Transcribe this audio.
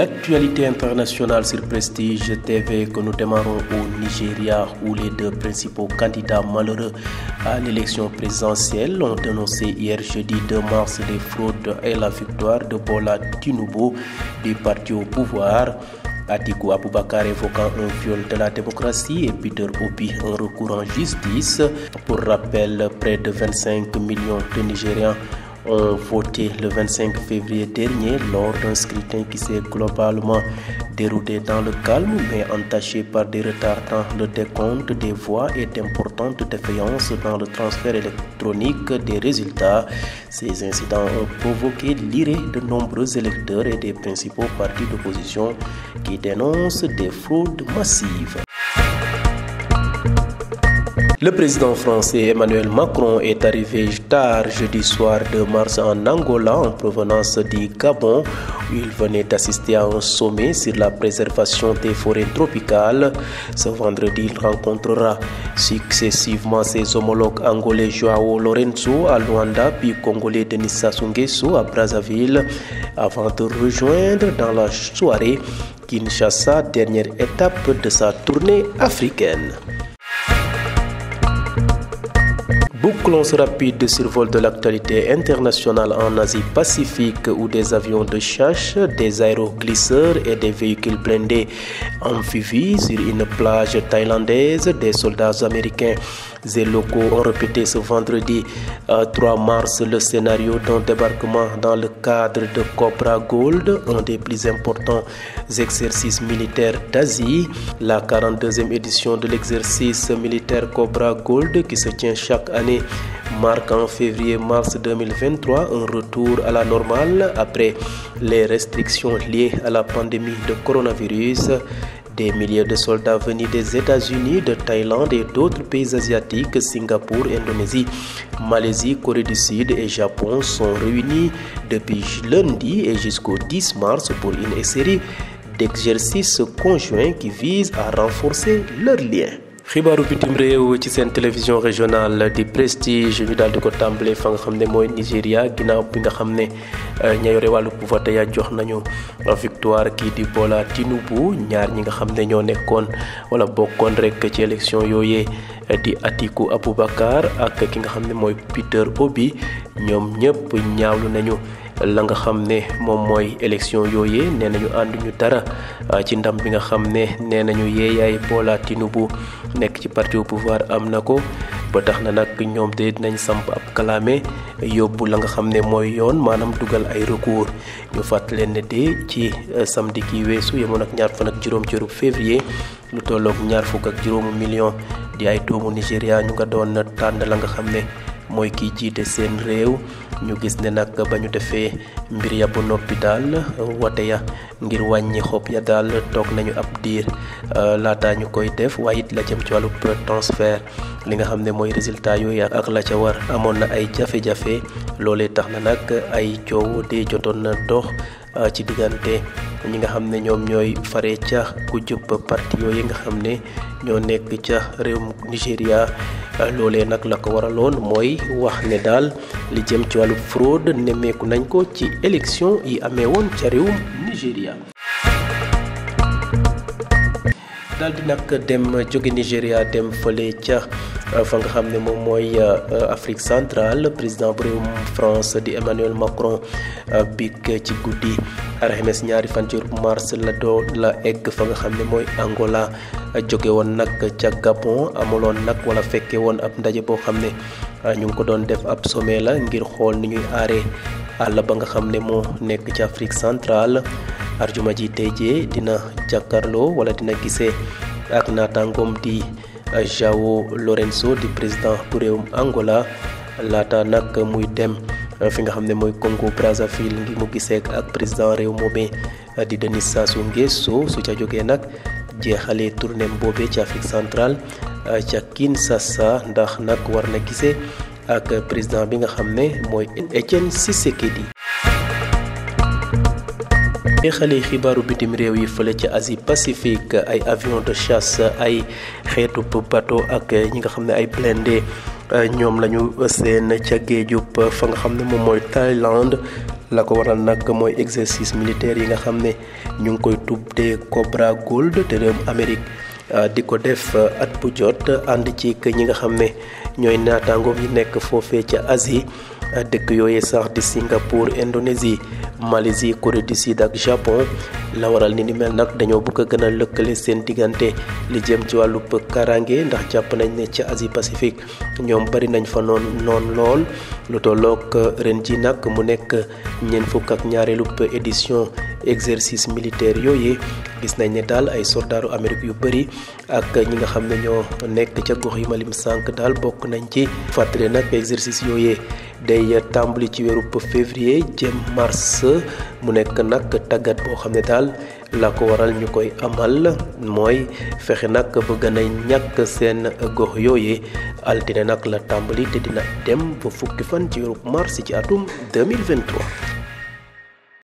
L'actualité internationale sur Prestige TV que nous démarrons au Nigeria où les deux principaux candidats malheureux à l'élection présidentielle ont dénoncé hier jeudi 2 mars les fraudes et la victoire de Bola Tinubu du parti au pouvoir. Atiku Abubakar évoquant un viol de la démocratie et Peter Obi un recours en justice. Pour rappel, près de 25 millions de Nigériens euh, voté le 25 février dernier lors d'un scrutin qui s'est globalement déroulé dans le calme mais entaché par des retards le décompte des voix et d'importantes défaillances dans le transfert électronique des résultats. Ces incidents ont provoqué l'irée de nombreux électeurs et des principaux partis d'opposition qui dénoncent des fraudes massives. Le président français Emmanuel Macron est arrivé tard jeudi soir de mars en Angola en provenance du Gabon où il venait d'assister à un sommet sur la préservation des forêts tropicales. Ce vendredi, il rencontrera successivement ses homologues angolais Joao Lorenzo à Luanda puis congolais Denis Sassou à Brazzaville avant de rejoindre dans la soirée Kinshasa, dernière étape de sa tournée africaine. Bouclons rapides rapide survol de l'actualité internationale en Asie-Pacifique où des avions de chasse, des aéroglisseurs et des véhicules blindés amphibies sur une plage thaïlandaise des soldats américains les locaux ont répété ce vendredi 3 euh, mars le scénario d'un débarquement dans le cadre de Cobra Gold, un des plus importants exercices militaires d'Asie. La 42e édition de l'exercice militaire Cobra Gold qui se tient chaque année marque en février-mars 2023 un retour à la normale après les restrictions liées à la pandémie de coronavirus des milliers de soldats venus des États-Unis, de Thaïlande et d'autres pays asiatiques, Singapour, Indonésie, Malaisie, Corée du Sud et Japon sont réunis depuis lundi et jusqu'au 10 mars pour une série d'exercices conjoints qui visent à renforcer leurs liens xibaaru bitim réew ci seen télévision régionale di prestige ñu daal di ko tàmbalee fa nga xam ne mooy Nigéria ginnaaw bi nga xam ne euh, ña yore wàllu vote ya jox nañu euh, victoire kii di Bola Tinubu ñaar ñi nga xam ne ñoo nekkoon wala bokkoon rek ci élection yooyee euh, di Atiku Abubakar ak ki nga xam ne mooy Peter Obi ñoom ñëpp ñaawlu nañu. la nga xam ne moom mooy élection yooyee nee nañu ànduñu dara ah, ci ndam bi nga xam ne nee nañu ay Bola Tinubu nekk ci parti au pouvoir am na ko ba tax na nag ñoom de dinañ samp ab kalaame yóbbu la nga xam ne mooy yoon maanaam dugal ay recours ñu fàttali leen ne de ci eh, samedi gi weesu yemoon ak ñaar fan ak juróom ci weeru février lu tolloog ñaar fukk ak juróomu million di ay doomu Nigéria ñu nga doon tànn la nga xam ne mooy kiy jiite seen réew ñu gis ne nag ba ñu defee mbir ya ba noppi daal wate ya ngir wàññi xob ya daal toog nañu ab diir euh, laata ñu koy def waaye it la jëm ci wàllu transfert li nga xam ne mooy résultat yooyu ak la ca war amoon na ay jafe-jafe loolee tax na nag ay coow di jotoon na dox euh, ci diggante ñi nga xam ne ñoom ñooy fare ca ku jub parti yooyu nga xam ne ñoo nekk ca réewum Nigéria loole nag la ko waraloon mooy wax ne daal li jëm ci wàllu fraude nemmeeku nañ ko ci élection yi amee woon ca réewum Nigéria. daal di nag dem jóge Nigéria dem fële ca. fa nga xam ne moom mooy afrique centrale président bu réewum france di emmanuel macron eh, bikk ci guddi rms ñaari fan ci mars la doo la egg fa nga xam ne mooy angola eh, jóge woon nag ca gabon amuloon nag wala fekke woon ab ndaje boo xam ne eh, ñu ngi ko doon def ab sommet la ngir xool ni ñuy aare àlla ba nga xam ne moo nekk ci afrique centrale arjuma ji tey dina jàkkaarloo wala dina gisee ak naataangoom di João Lourenço di président bu réewum Angola laata nag muy dem fi nga xam ne mooy Congo Brazzaville ngi mu gisee ak président réew moomee di Denis Sassou Nguesso su ca jógee nag jeexalee tournée boobee ca Afrique centrale ca Kinshasa ndax nag war na gisee ak président bi nga xam ne mooy Étienne Tshisekedi xale xibaaru bitim réew yi fële ci Asie Pacifique ay avion de chasse ay xeetu bateau ak ñi nga xam ne ay blindé ñoom lañu seen ca géejub fa nga xam ne moom mooy Thaïlande la ko waral nag mooy exercice militaire yi nga xam ne ñu ngi koy tuddee Cobra Gold te réewum Amérique Ah, di ko def ah, at bu jot ah, and ci ke ñi nga xamne ñoy natango yi nek fofé ci Asie dekk yoyé sax di Singapore Indonésie Malaisie Corée du Sud ak Japon la waral ni ni mel nak dañu bëgg gëna lekkale seen digante li jëm ci walu karangé ndax japp nañ ne ci Asie Pacifique ñom bari nañ fa non non lool lu tolok renji nak mu nek ñen fuk ak ñaarelu edition exercice militaire yooyu gis nañ ne daal ay soldaaru Amérique yu bëri ak ñi nga xam ne ñoo nekk ca gox yu malim sànq daal bokk nañ ci fàttali nag exercice yooyu day tàmbali ci weeru février jëm mars mu nekk nag tàggat boo xam ne daal laa ko waral ñu koy amal mooy fexe nag bëgg na ñàkk seen gox yooyu altine nag la tàmbali te dina dem ba fukki fan ci weeru mars ci atum